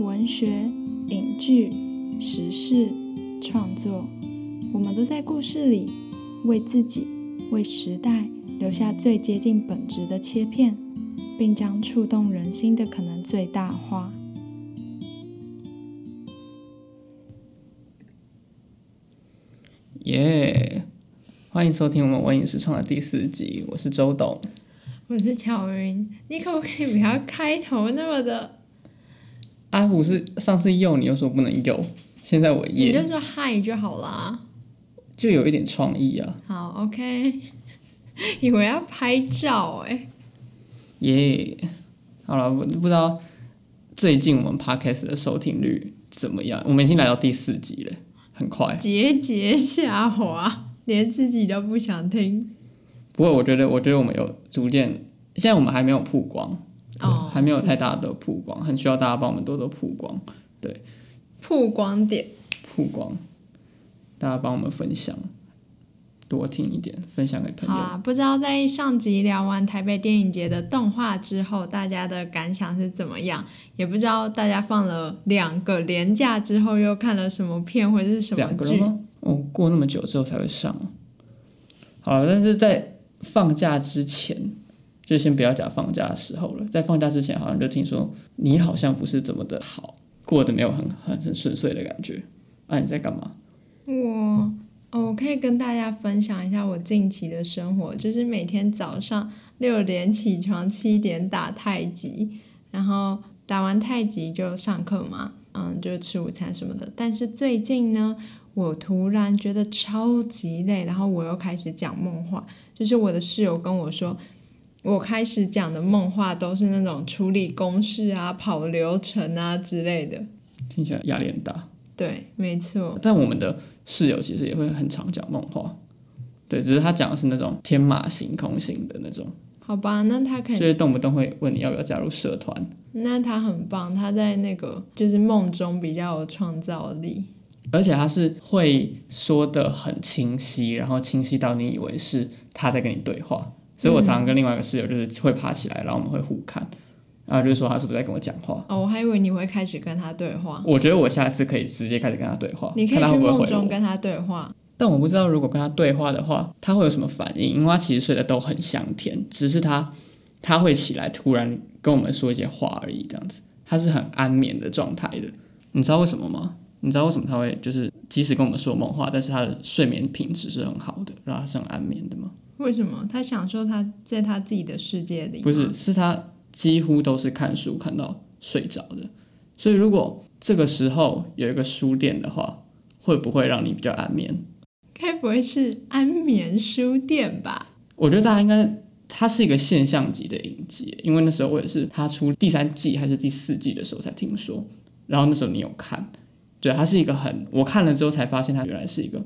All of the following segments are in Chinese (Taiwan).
文學、影劇、時事、創作，我們都在故事裡，為自己、為時代留下最接近本質的切片，並將觸動人心的可能最大化。耶，yeah, 歡迎收聽我們文影時創的第四集，我是周董，我是巧雲，你可不可以不要開頭那麼的？阿虎，啊、是上次用，你又說不能用，現在我耶。你就說嗨就好啦，就有一點創意啊。好，OK， 以為要拍照哎、欸。耶、yeah，好了，我不知道最近我們 Podcast 的收聽率怎麼樣，我們已經來到第四集了，很快。節節下滑，連自己都不想聽。不過我覺得，我覺得我們有逐漸，現在我們還沒有曝光。對哦，還沒有太大的曝光，是很需要大家幫我們多多曝光。對，曝光點，曝光，大家幫我們分享，多聽一點，分享給朋友。啊，不知道在上集聊完台北電影節的動畫之後，大家的感想是怎麼樣？也不知道大家放了兩個連假之後，又看了什麼片或者是什麼劇？兩個了哦，過那麼久之後才會上啊。好啊，但是在放假之前。就先不要講放假的時候了，在放假之前，好像就聽說你好像不是怎麼的好，過得沒有很很很順遂的感覺。啊，你在幹嘛？我哦，我可以跟大家分享一下我近期的生活，就是每天早上六點起床，七點打太極，然後打完太極就上課嘛，嗯，就吃午餐什麼的。但是最近呢，我突然覺得超級累，然後我又開始講夢話，就是我的室友跟我說。我開始講的夢話都是那種處理公事啊、跑流程啊之類的，聽起來壓力很大。對，沒錯。但我們的室友其實也會很常講夢話，對，只是他講的是那種天馬行空型的那種。好吧，那他可以就是動不動會問你要不要加入社團。那他很棒，他在那個就是夢中比較有創造力，而且他是會說得很清晰，然後清晰到你以為是他在跟你對話。所以，我常常跟另外一個室友就是會爬起來，嗯、然後我們會互看，然後就說他是不是在跟我講話。哦，我還以為你會開始跟他對話。我覺得我下次可以直接開始跟他對話。你可以去夢中跟他對話，看他會不會回。但我不知道如果跟他對話的話，他會有什麼反應，因為他其實睡得都很香甜，只是他他會起來突然跟我們說一些話而已，這樣子，他是很安眠的狀態的。你知道為什麼嗎？你知道為什麼他會就是即使跟我們說夢話，但是他的睡眠品質是很好的，然後他是很安眠的嗎？為什麼他享受，他在他自己的世界裡？不是，是他幾乎都是看書看到睡着的。所以如果這個時候有一個書店的話，會不會讓你比較安眠？該不會是安眠書店吧？我覺得大家應該，它是一個現象級的影集，因為那時候我也是他出第三季還是第四季的時候才聽說，然後那時候你有看。對，它是一個很我看了之後才發現，它原來是一個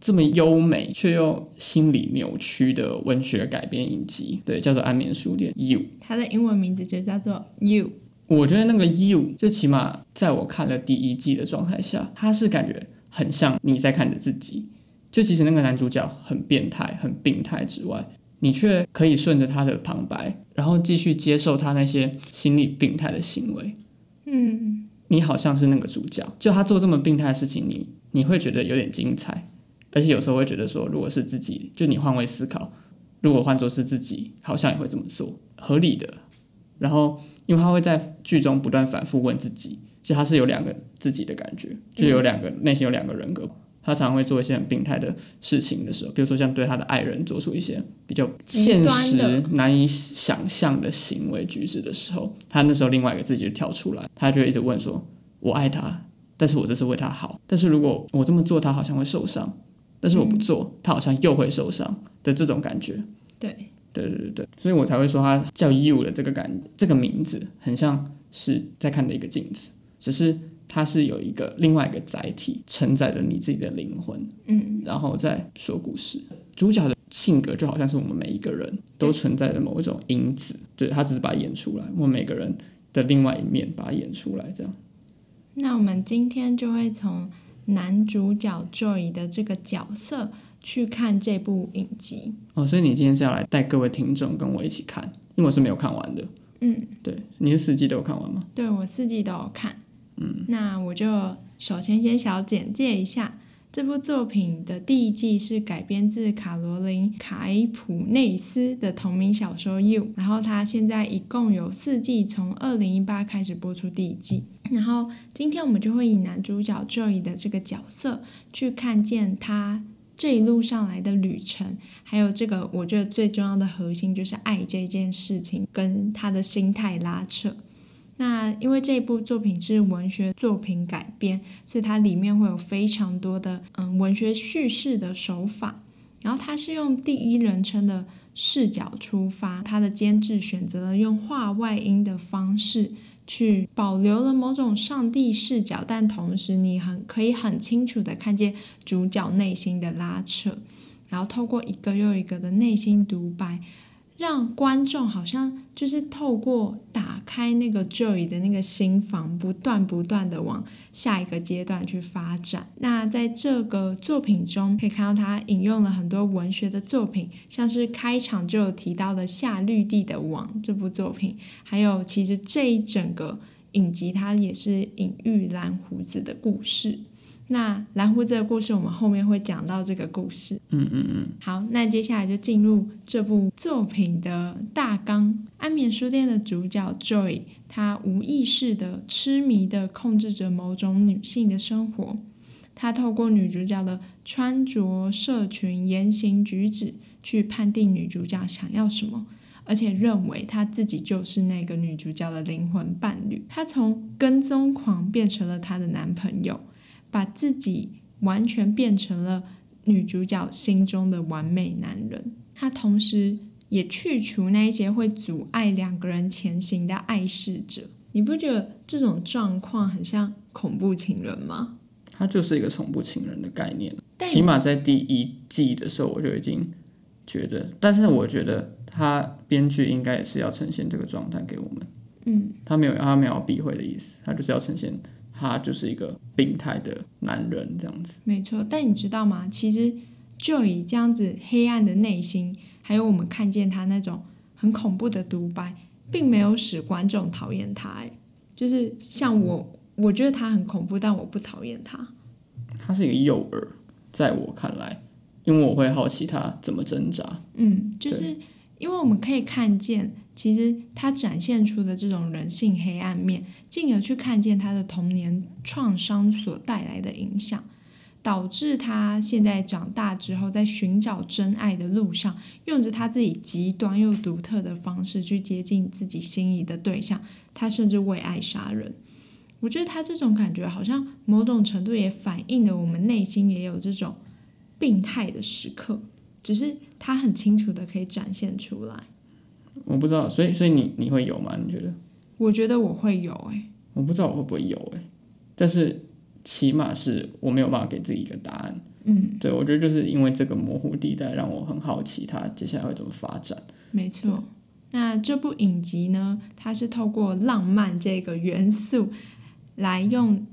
這麼優美卻又心理扭曲的文學改編影集。對，叫做《安眠書店》，You，它的英文名字就叫做 You。我覺得那個 You 就起碼在我看了第一季的狀態下，它是感覺很像你在看着自己，就即使那個男主角很變態、很病態之外，你卻可以順着他的旁白，然後繼續接受他那些心理病態的行為。嗯。你好像是那個主角，就他做這麼病態的事情，你你會覺得有點精彩，而且有時候會覺得說，如果是自己，就你換位思考，如果換作是自己，好像也會這麼做，合理的。然後，因為他會在劇中不斷反覆問自己，其實他是有兩個自己的感覺，就有兩個、嗯、內心有兩個人格。他常常會做一些很病態的事情的時候，比如說像對他的愛人做出一些比較現實難以想象的行為舉止的時候，他那時候另外一個自己就跳出來，他就一直問說：“我愛他，但是我這是為他好。但是如果我這麼做，他好像會受傷，但是我不做，嗯、他好像又會受傷的這種感覺。”對，對對對對，所以我才會說他叫 You 的這個感這個名字，很像是在看的一個鏡子，只是。它是有一個另外一個載體承載着你自己的靈魂，嗯，然後在說故事。主角的性格就好像是我們每一個人都存在的某一種因子，對，對他只是把它演出來。我們每個人的另外一面，把它演出來這樣。那我們今天就會從男主角 Joe 的這個角色去看這部影集哦。所以你今天是要來帶各位聽眾跟我一起看，因為我是沒有看完的。嗯，對，你是四季都有看完嗎？對我四季都有看。那我就首先先小簡介一下這部作品的第一季是改編自卡洛琳·凱普尼斯的同名小說《You》，然後它現在一共有四季，從二零一八開始播出第一季，然後今天我們就會以男主角 Joe 的這個角色去看見他這一路上來的旅程，還有這個我覺得最重要的核心就是愛這件事情跟他的心態拉扯。那因為這部作品是文學作品改編，所以它裡面會有非常多的嗯文學敘事的手法。然後它是用第一人稱的視角出發，它的監製選擇了用畫外音的方式去保留了某種上帝視角，但同時你很可以很清楚的看見主角內心的拉扯，然後透過一個又一個的內心獨白。讓觀眾好像就是透過打開那個 Joe 的那個心房，不斷不斷的往下一個階段去發展。那在這個作品中，可以看到他引用了很多文學的作品，像是開場就有提到的《夏綠蒂的網》這部作品，還有其實這一整個影集，它也是隱喻藍胡子的故事。那藍鬍子，這個故事，我們後面會講到這個故事。嗯嗯嗯。好，那接下來就進入這部作品的大綱。安眠書店的主角 Joe，他無意識的、痴迷的控制着某種女性的生活。他透過女主角的穿着、社群、言行舉止去判定女主角想要什麼，而且認為他自己就是那個女主角的靈魂伴侶。他從跟蹤狂變成了她的男朋友。把自己完全變成了女主角心中的完美男人，他同時也去除那些會阻礙兩個人前行的礙事者。你不覺得這種狀況很像恐怖情人嗎？他就是一個恐怖情人的概念，但你起碼在第一季的時候我就已經覺得，但是我覺得他編劇應該也是要呈現這個狀態給我們，嗯他，他沒有他沒有避諱的意思，他就是要呈現。他就是一個病態的男人，這樣子。沒錯，但你知道嗎？其實就以這樣子黑暗的內心，還有我們看見他那種很恐怖的獨白，並沒有使觀眾討厭他。哎，就是像我，我覺得他很恐怖，但我不討厭他。他是一個幼兒，在我看來，因為我會好奇他怎麼掙扎。嗯，就是。因為我們可以看見，其實他展現出的這種人性黑暗面，進而去看見他的童年創傷所帶來的影響，導致他現在長大之後，在尋找真愛的路上，用着他自己極端又獨特的方式去接近自己心儀的對象，他甚至為愛殺人。我覺得他這種感覺，好像某種程度也反映了我們內心也有這種病態的時刻。只是他很清楚的可以展現出來，我不知道，所以所以你你會有嗎？你覺得？我覺得我會有哎、欸，我不知道我會不會有哎、欸，但是起碼是我沒有辦法給自己一個答案，嗯，對，我覺得就是因為這個模糊地帶，讓我很好奇它接下來會怎麼發展。沒錯，那這部影集呢？它是透過浪漫這個元素來用，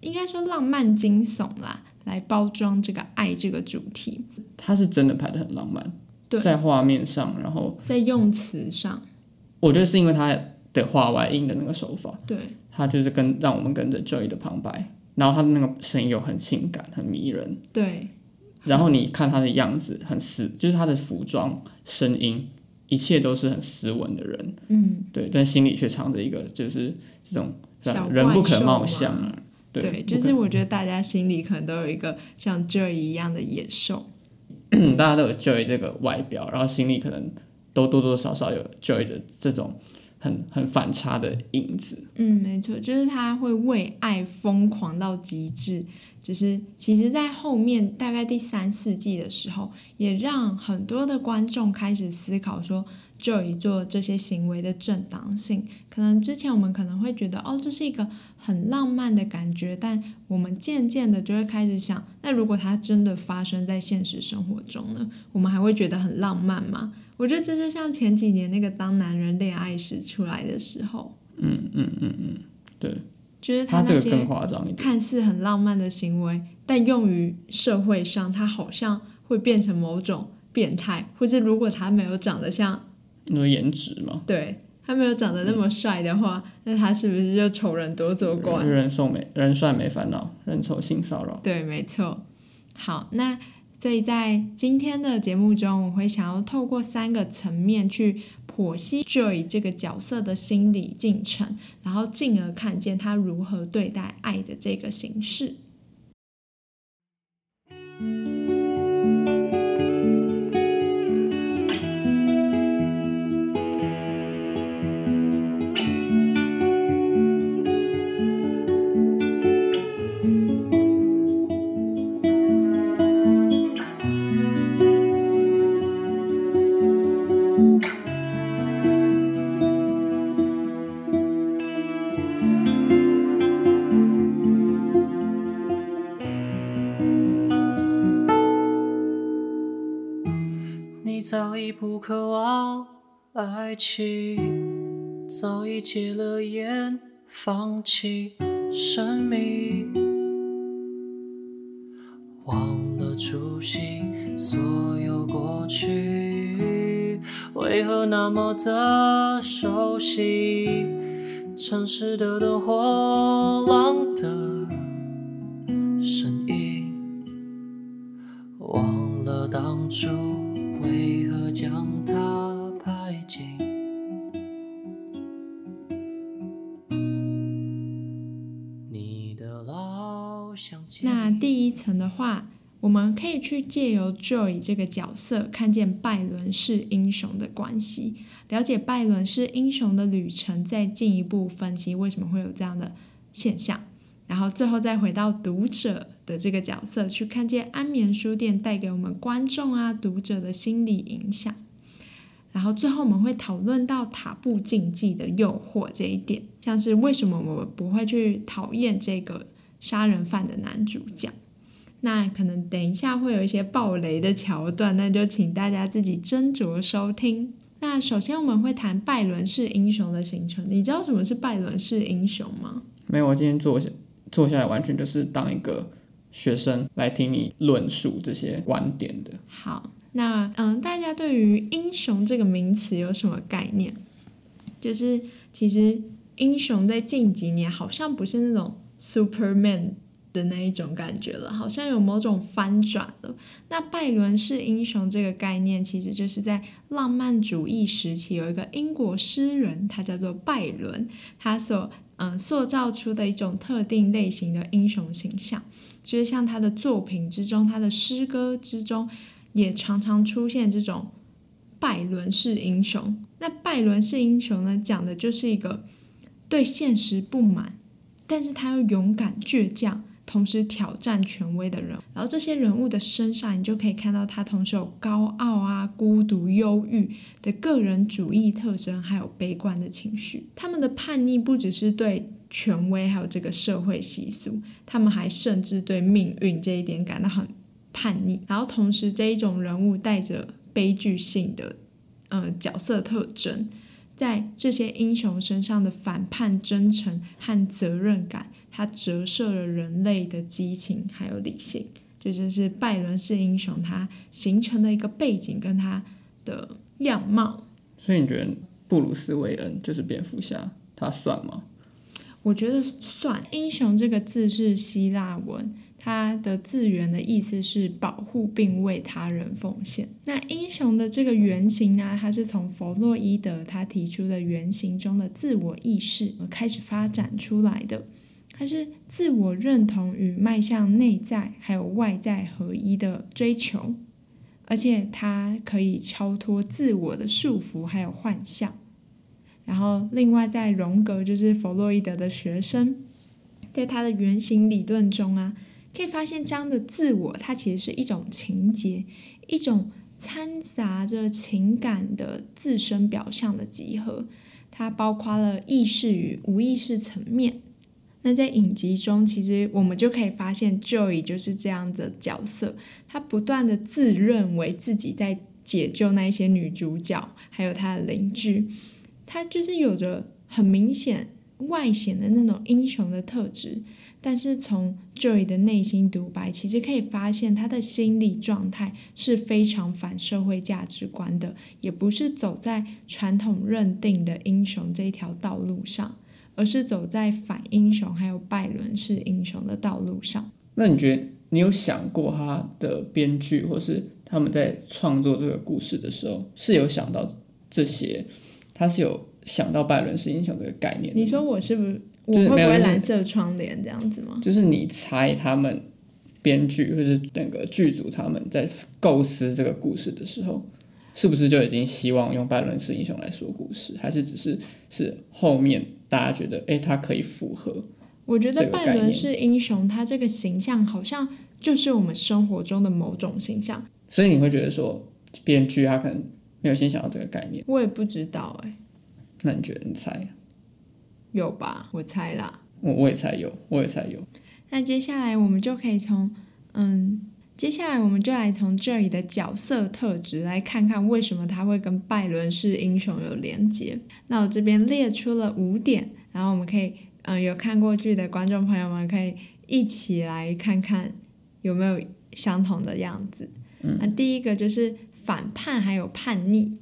應該說浪漫驚悚啦，來包裝這個愛這個主題。他是真的拍的很浪漫，對在畫面上，然後在用詞上、嗯，我覺得是因為他的畫外音的那個手法，對，他就是跟讓我們跟着 Joe 的旁白，然後他的那個聲音又很性感、很迷人，對，然後你看他的樣子很斯，就是他的服裝、聲音，一切都是很斯文的人，嗯，對，但心裡卻藏着一個就是這種、啊、人不可貌相、啊，對，對可就是我覺得大家心裡可能都有一個像 Joe 一樣的野獸。 大家都有 Joe 這個外表，然後心裡可能都多多少少有 Joe 的這種很很反差的影子。嗯，沒錯，就是他會為愛瘋狂到極致，就是其實在後面大概第三四季的時候，也讓很多的觀眾開始思考說。就以做這些行為的正當性，可能之前我們可能會覺得哦，這是一個很浪漫的感覺，但我們漸漸的就會開始想，那如果它真的發生在現實生活中呢，我們還會覺得很浪漫嗎？我覺得這是像前幾年那個當男人戀愛時出來的時候，嗯嗯嗯嗯，對，就是他那些看似很浪漫的行為，但用於社會上，他好像會變成某種變態，或是如果他沒有長得像。因為顏值嘛，對，他沒有長得那麼帥的話，嗯、那他是不是就醜人多作怪？人瘦沒，人帥沒煩惱，人醜性騷擾。對，沒錯。好，那所以在今天的節目中，我會想要透過三個層面去剖析 Joe 這個角色的心理進程，然後進而看見他如何對待愛的這個形式。不渴望愛情，早已戒了煙，放棄生命，忘了初心，所有過去為何那麼的熟悉？城市的燈火，狼的身影，忘了當初。為何將他拍進你的老，那第一層的話，我們可以去借由 Joe 這個角色，看見拜倫式英雄的關係，了解拜倫式英雄的旅程，再進一步分析為什麼會有這樣的現象，然後最後再回到讀者的這個角色去看見安眠書店帶給我們觀眾啊讀者的心理影響，然後最後我們會討論到塔布禁忌的誘惑這一點，像是為什麼我們不會去討厭這個殺人犯的男主角？那可能等一下會有一些暴雷的橋段，那就請大家自己斟酌收聽。那首先我們會談拜倫式英雄的形成，你知道什麼是拜倫式英雄嗎？沒有，我今天坐下坐下來完全就是當一個。學生來聽你論述這些觀點的。好，那嗯，大家對於英雄這個名詞有什麼概念？就是其實英雄在近幾年好像不是那種 Superman 的那一種感覺了，好像有某種翻轉了。那拜倫式英雄這個概念，其實就是在浪漫主義時期有一個英國詩人，他叫做拜倫，他所嗯塑造出的一種特定類型的英雄形象。就是像他的作品之中，他的詩歌之中，也常常出現這種拜倫式英雄。那拜倫式英雄呢，講的就是一個對現實不滿，但是他又勇敢倔強，同時挑戰權威的人。然後這些人物的身上，你就可以看到他同時有高傲啊、孤獨、憂鬱的個人主義特徵，還有悲觀的情緒。他們的叛逆不只是對權威還有這個社會習俗，他們還甚至對命運這一點感到很叛逆，然後同時這一種人物帶着悲劇性的，呃角色特徵，在這些英雄身上的反叛、真誠和責任感，它折射了人類的激情還有理性，這就，就是拜倫式英雄他形成的一個背景跟他的樣貌。所以你覺得布魯斯·韋恩就是蝙蝠俠，他算嗎？我覺得算，“算英雄”這個字是希臘文，它的字源的意思是保護並為他人奉獻。那英雄的這個原型呢、啊，它是從弗洛伊德他提出的原型中的自我意識而開始發展出來的，它是自我認同與邁向內在還有外在合一的追求，而且它可以超脫自我的束縛還有幻象。然後，另外在榮格就是弗洛伊德的學生，在他的原型理論中啊，可以發現這樣的自我，它其實是一種情結，一種摻雜着情感的自身表象的集合，它包括了意識與無意識層面。那在影集中，其實我們就可以發現，Joe 就是這樣的角色，他不斷的自認為自己在解救那些女主角，還有他的鄰居。他就是有着很明顯外顯的那種英雄的特質，但是從 Joe 的內心獨白其實可以發現，他的心理狀態是非常反社會價值觀的，也不是走在傳統認定的英雄這條道路上，而是走在反英雄還有拜倫式英雄的道路上。那你覺得你有想過他的編劇或是他們在創作這個故事的時候是有想到這些？他是有想到拜倫式英雄這個概念。你說我是不是我會不會藍色窗簾這樣子嗎？就是，就是你猜他們編劇或者是那個劇組他們在構思這個故事的時候，是不是就已經希望用拜倫式英雄來說故事，還是只是是後面大家覺得誒，他可以符合？我覺得拜倫式英雄，他這個形象好像就是我們生活中的某種形象。所以你會覺得說編劇他可能。沒有先想到這個概念，我也不知道哎。那你覺得？你猜？有吧，我猜啦。我我也猜有，我也猜有。那接下來我們就可以從，嗯，接下來我們就來從這裡的角色特質來看看為什麼他會跟拜倫式英雄有連結。那我這邊列出了五點，然後我們可以，嗯，有看過劇的觀眾朋友們可以一起來看看有沒有。相同的樣子，那第一個就是反叛還有叛逆，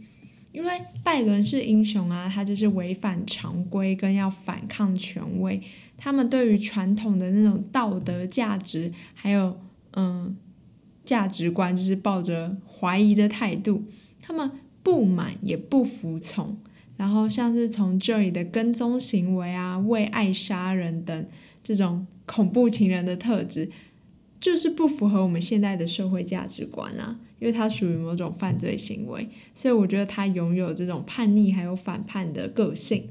因為拜倫式英雄啊，他就是違反常規跟要反抗權威。他們對於傳統的那種道德價值還有嗯、呃、價值觀，就是抱着懷疑的態度，他們不滿也不服從。然後像是從 Joe 的跟蹤行為啊、為愛殺人等這種恐怖情人的特質。就是不符合我們現在的社會價值觀啊，因為他屬於某種犯罪行為，所以我覺得他擁有這種叛逆還有反叛的個性。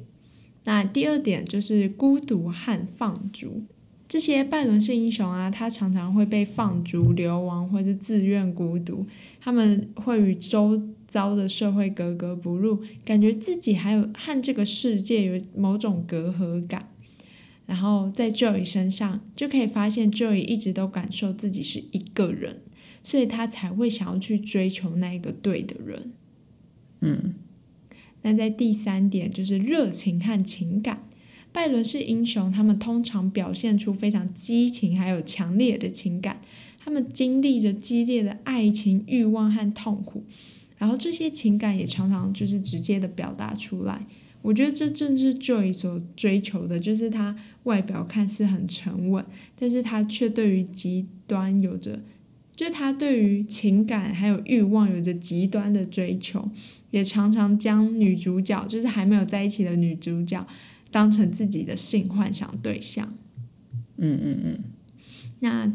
那第二點就是孤獨和放逐，這些拜倫式英雄啊，他常常會被放逐、流亡或者自願孤獨，他們會與周遭的社會格格不入，感覺自己還有和這個世界有某種隔閡感。然後在 Joe 身上就可以發現，Joe 一直都感受自己是一個人，所以他才會想要去追求那個對的人。嗯，那在第三點就是熱情和情感。拜倫式英雄，他們通常表現出非常激情還有強烈的情感，他們經歷着激烈的愛情、慾望和痛苦，然後這些情感也常常就是直接的表達出來。我覺得這正是 Joe 所追求的，就是他外表看似很沉穩，但是他卻對於極端有着，就是他對於情感還有慾望有着極端的追求，也常常將女主角，就是還沒有在一起的女主角，當成自己的性幻想對象。嗯嗯嗯。那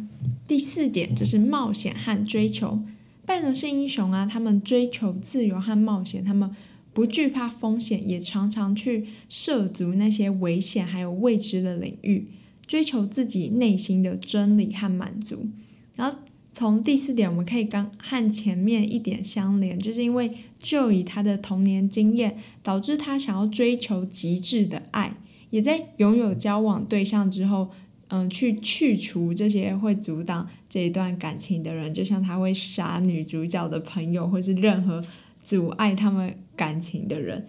第四點就是冒險和追求，拜倫式英雄啊，他們追求自由和冒險，他們。不懼怕風險，也常常去涉足那些危險還有未知的領域，追求自己內心的真理和滿足。然後從第四點，我們可以剛和前面一點相連，就是因為就以他的童年經驗，導致他想要追求極致的愛，也在擁有交往對象之後，嗯，去去除這些會阻擋這一段感情的人，就像他會殺女主角的朋友，或是任何阻礙他們。感情的人，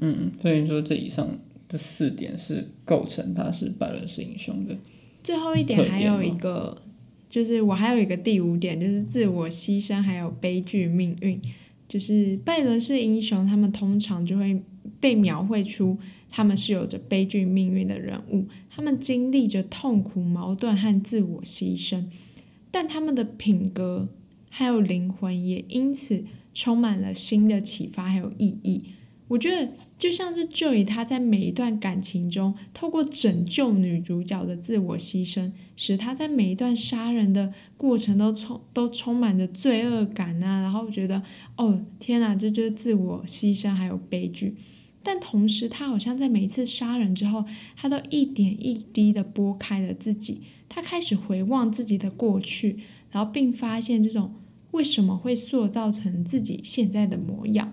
嗯，所以你說這以上這四點是構成他是拜倫式英雄的。最後一點還有一個，就是我還有一個第五點，就是自我犧牲還有悲劇命運。就是拜倫式英雄，他們通常就會被描繪出他們是有着悲劇命運的人物，他們經歷着痛苦、矛盾和自我犧牲，但他們的品格還有靈魂也因此。充滿了新的啟發還有意義，我覺得就像是 Joe 他在每一段感情中，透過拯救女主角的自我犧牲，使他在每一段殺人的過程都充都充滿着罪惡感吶、啊，然後覺得哦天吶、啊，這就是自我犧牲還有悲劇，但同時他好像在每一次殺人之後，他都一點一滴的撥開了自己，他開始回望自己的過去，然後並發現這種。為什麼會塑造成自己現在的模樣？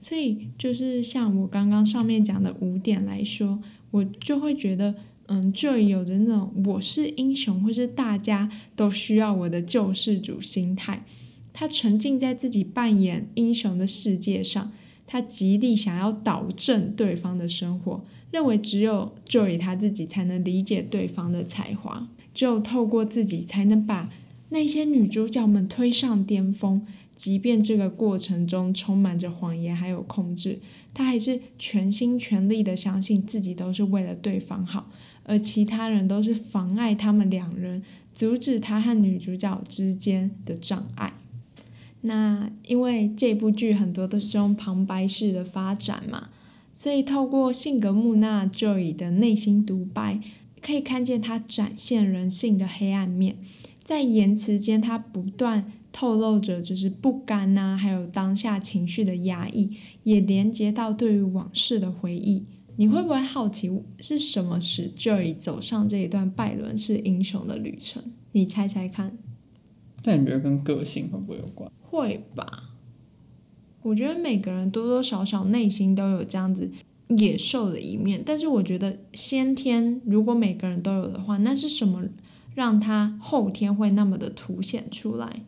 所以就是像我剛剛上面講的五點來說，我就會覺得，嗯，Joe 有着那種我是英雄，或是大家都需要我的救世主心態。他沉浸在自己扮演英雄的世界上，他極力想要導正對方的生活，認為只有 Joe 他自己才能理解對方的才華，只有透過自己才能把。那些女主角們推上巔峰，即便這個過程中充滿着謊言還有控制，她還是全心全力的相信自己都是為了對方好，而其他人都是妨礙他們兩人，阻止她和女主角之間的障礙。那因為這部劇很多都是這種旁白式的發展嘛，所以透過性格木訥 Joe 的內心獨白，可以看見她展現人性的黑暗面。在言辭間，他不斷透露着就是不甘吶、啊，還有當下情緒的壓抑，也連接到對於往事的回憶。你會不會好奇是什麼使這 o 走上這一段拜倫式英雄的旅程？你猜猜看。但你覺得跟個性會不會有關？會吧。我覺得每個人多多少少內心都有這樣子野獸的一面，但是我覺得先天如果每個人都有的話，那是什麼？讓他後天會那麼的凸顯出來，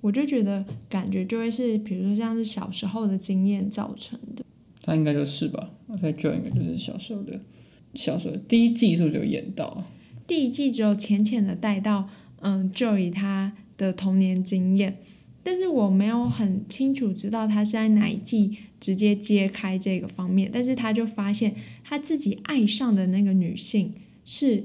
我就覺得感覺就會是，比如說像是小時候的經驗造成的。他應該就是吧？我對，Joe 應該就是小時候的，小時候第一季是不是有演到？第一季只有淺淺的帶到、呃，嗯，Joe 他的童年經驗，但是我沒有很清楚知道他是在哪一季直接揭開這個方面。但是他就發現他自己愛上的那個女性是。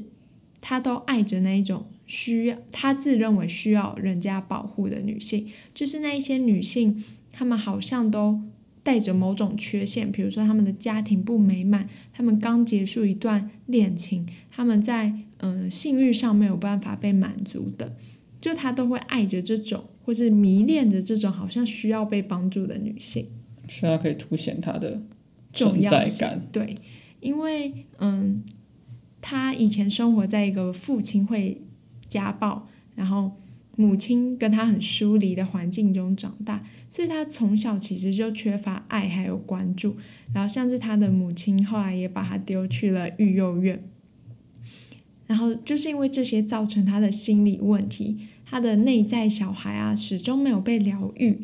他都愛着那一種需要他自認為需要人家保護的女性，就是那一些女性，她們好像都帶着某種缺陷，比如說他們的家庭不美滿，他們剛結束一段戀情，他們在嗯、呃、性慾上沒有辦法被滿足的，就他都會愛着這種，或是迷戀着這種好像需要被幫助的女性。是啊，可以凸顯他的重要感，對，因為嗯。他以前生活在一個父親會家暴，然後母親跟他很疏離的環境中長大，所以他從小其實就缺乏愛還有關注，然後像是他的母親後來也把他丟去了育幼院，然後就是因為這些造成他的心理問題，他的內在小孩啊始終沒有被療癒，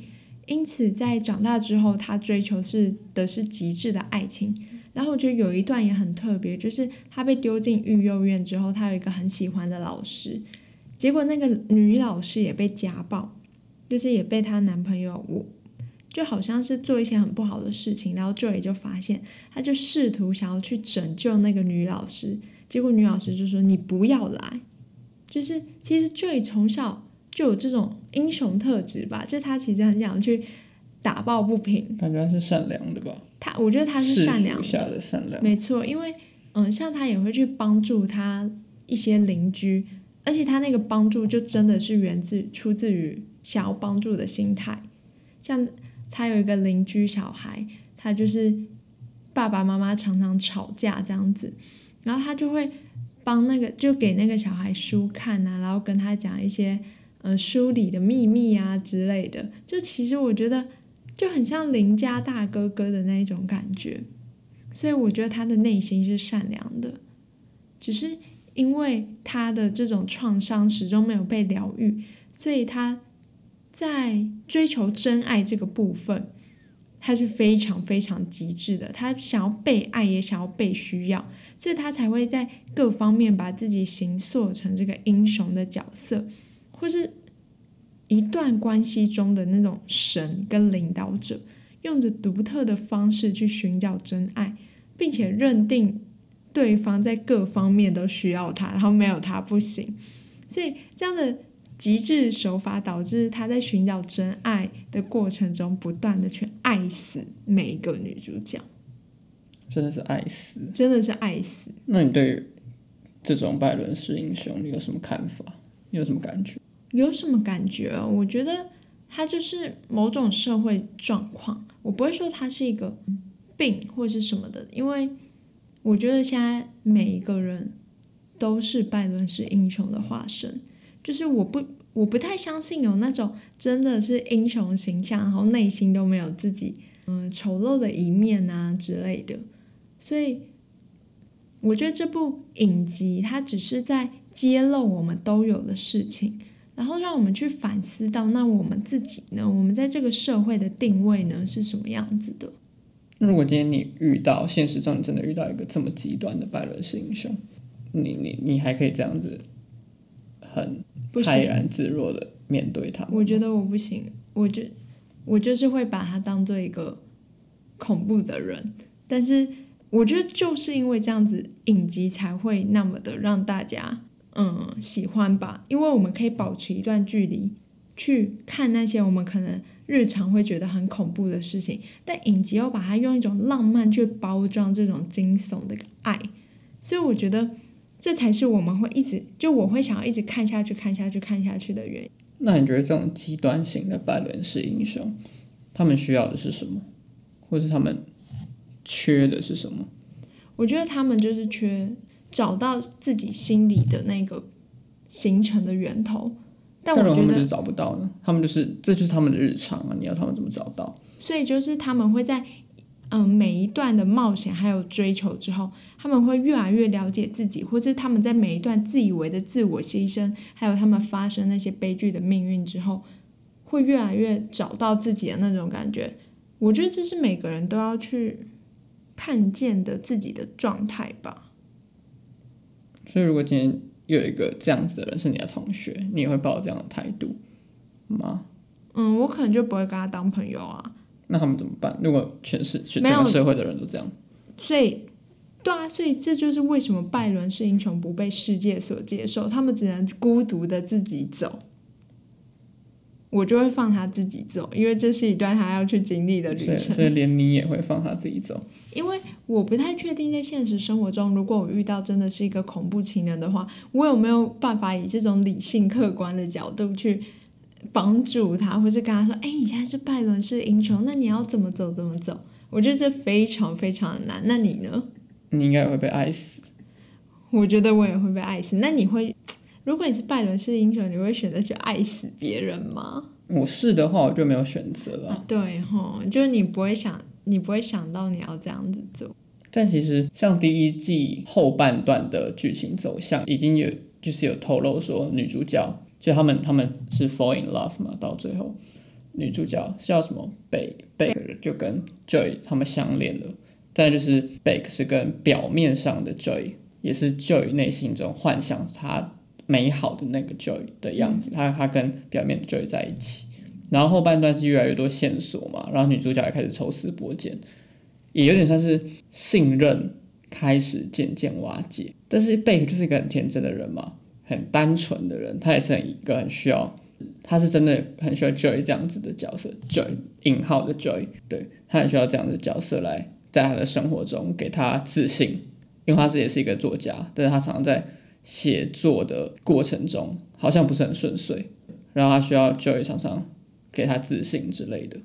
因此在長大之後他追求是的是極致的愛情。然後我覺得有一段也很特別，就是他被丟進育幼院之後，他有一個很喜歡的老師，結果那個女老師也被家暴，就是也被她男朋友我，就好像是做一些很不好的事情。然後 Joe 就發現，他就試圖想要去拯救那個女老師，結果女老師就說：“你不要來。”就是其實 Joe 從小就有這種英雄特質吧，就他其實很想去打抱不平，感覺是善良的吧。他，我覺得他是善良的，的善良沒錯，因為，嗯，像他也會去幫助他一些鄰居，而且他那個幫助就真的是源自出自於想要幫助的心態，像他有一個鄰居小孩，他就是爸爸媽媽常常吵架這樣子，然後他就會幫那個就給那個小孩書看吶、啊，然後跟他講一些，呃，書裡的秘密啊之類的，就其實我覺得。就很像鄰家大哥哥的那一種感覺，所以我覺得他的內心是善良的，只是因為他的這種創傷始終沒有被療癒，所以他，在追求真愛這個部分，他是非常非常極致的，他想要被愛，也想要被需要，所以他才會在各方面把自己形塑成這個英雄的角色，或是。一段關係中的那種神跟領導者，用着獨特的方式去尋找真愛，並且認定對方在各方面都需要他，然後沒有他不行。所以這樣的極致手法導致他在尋找真愛的過程中，不斷的去愛死每一個女主角，真的是愛死，真的是愛死。那你對這種拜倫式英雄你有什麼看法？你有什麼感覺？有什麼感覺、啊？我覺得他就是某種社會狀況。我不會說他是一個病或是什麼的，因為我覺得現在每一個人都是拜倫式英雄的化身。就是我不我不太相信有那種真的是英雄形象，然後內心都沒有自己嗯、呃、醜陋的一面啊之類的。所以我覺得這部影集它只是在揭露我們都有的事情。然後讓我們去反思到，那我們自己呢？我們在這個社會的定位呢是什麼樣子的？那如果今天你遇到現實中你真的遇到一個這麼極端的拜倫式英雄，你你你還可以這樣子，很不泰然自若的面對他？我覺得我不行，我就我就是會把他當做一個恐怖的人。但是我覺得就是因為這樣子影集才會那麼的讓大家，嗯，喜歡吧，因為我們可以保持一段距離去看那些我們可能日常會覺得很恐怖的事情，但影集要把它用一種浪漫去包裝這種驚悚的愛，所以我覺得這才是我們會一直就我會想要一直看下去、看下去、看下去的原因。那你覺得這種極端型的拜倫式英雄，他們需要的是什麼，或者他們缺的是什麼？我覺得他們就是缺。找到自己心裡的那個形成的源頭，但我覺得他們就是找不到呢，他們就是這就是他們的日常啊！你要他們怎麼找到？所以就是他們會在嗯、呃、每一段的冒險還有追求之後，他們會越來越了解自己，或者他們在每一段自以為的自我犧牲，還有他們發生那些悲劇的命運之後，會越來越找到自己的那種感覺。我覺得這是每個人都要去看見的自己的狀態吧。所以，如果今天又有一個這樣子的人是你的同學，你也會抱這樣的態度嗎？嗯，我可能就不會跟他當朋友啊。那他們怎麼辦？如果全世全這樣，社會的人都這樣，所以，對啊，所以這就是為什麼拜倫式英雄不被世界所接受，他們只能孤獨地自己走。我就會放他自己走，因為這是一段他要去經歷的旅程。所以連你也會放他自己走。因為我不太確定在現實生活中，如果我遇到真的是一個恐怖情人的話，我有沒有辦法以這種理性客觀的角度去幫助他，或是跟他說：“哎、欸，你現在是拜倫式英雄，那你要怎麼走怎麼走？”我覺得這非常非常的難。那你呢？你應該也會被愛死。我覺得我也會被愛死。那你會？如果你是拜倫式英雄，你會選擇去愛死別人嗎？我、嗯、是的話，我就沒有選擇了。啊、對吼，就是你不會想，你不會想到你要這樣子做。但其實像第一季後半段的劇情走向，已經有就是有透露說女主角就他們他們是 fall in love 嘛，到最後女主角是叫什麼 Bake、Bake、就跟 Joe 他們相戀了。Bake. 但就是 Bake 是跟表面上的 Joe，也是 Joe 內心中幻想他。美好的那個 Joe 的樣子，他他跟表面的 Joe 在一起，然後後半段是越來越多線索嘛，然後女主角也開始抽絲剝繭，也有點算是信任開始漸漸瓦解。但是貝克就是一個很天真的人嘛，很單純的人，他也是很一個很需要，他是真的很需要 Joe 這樣子的角色，Joe 引號的 Joe，對，他很需要這樣的角色來在他的生活中給他自信，因為他自己也是一個作家，但是他常常在，寫作的過程中好像不是很順遂，然後他需要 Joe 常常給他自信之類的，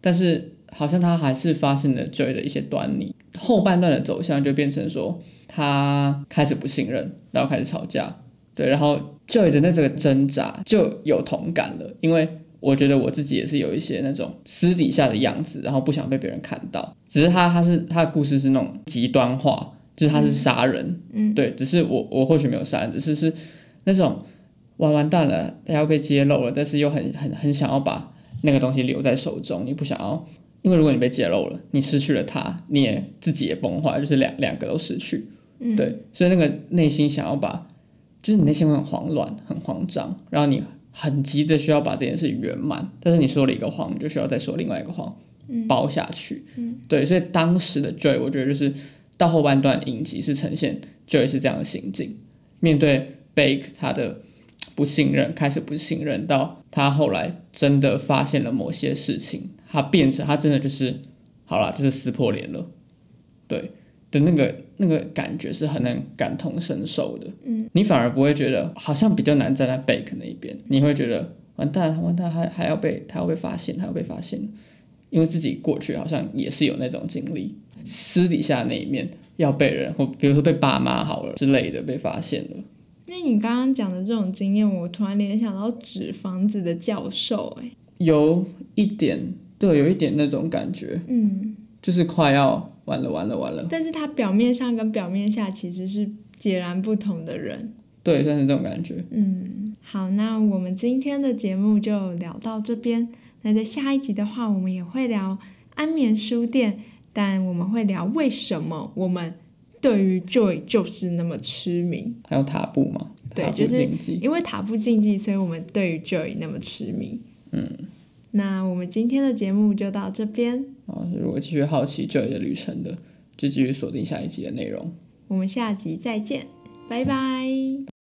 但是好像他還是發現了 Joe 的一些端倪，後半段的走向就變成說他開始不信任，然後開始吵架，對，然後 Joe 的那這個掙扎就有同感了，因為我覺得我自己也是有一些那種私底下的樣子，然後不想被別人看到，只是他他是他的故事是那種極端化。就是他是殺人嗯，嗯，對，只是我我或許沒有殺人，只是是那種完完蛋了，他要被揭露了，但是又很很很想要把那個東西留在手中，你不想要，因為如果你被揭露了，你失去了他，你也自己也崩壞，就是兩兩個都失去，嗯，對，所以那個內心想要把，就是你內心會很慌亂、很慌張，然後你很急着需要把這件事圓滿，但是你說了一個謊，你就需要再說另外一個謊，嗯，包下去，嗯，嗯對，所以當時的 Joe，我覺得就是。到後半段，影集是呈現 Joe 是這樣的心境，面對 Beck 他的不信任，開始不信任，到他後來真的發現了某些事情，他變成他真的就是好了，就是撕破臉了，對的那個那個感覺是很能感同身受的，嗯、你反而不會覺得好像比較難站在 Beck 那一邊，你會覺得完蛋完蛋還還要被還要被發現還要被發現，因為自己過去好像也是有那種經歷。私底下那一面，要被人，或比如說被爸媽好了之類的被發現了。那你剛剛講的這種經驗，我突然聯想到紙房子的教授，哎，有一點對，有一點那種感覺，嗯，就是快要完了，完了，完了。但是他表面上跟表面下其實是截然不同的人，對，算是這種感覺。嗯，好，那我們今天的節目就聊到這邊。那在下一集的話，我們也會聊安眠書店。但我們會聊為什麼我們對於 Joe 就是那麼癡迷，還有塔布嗎？布對，就是因為塔布禁忌，所以我們對於 Joe 那麼癡迷。嗯，那我們今天的節目就到這邊。啊、哦，如果繼續好奇 Joe 的旅程的，就繼續鎖定下一集的內容。我們下集再見，拜拜。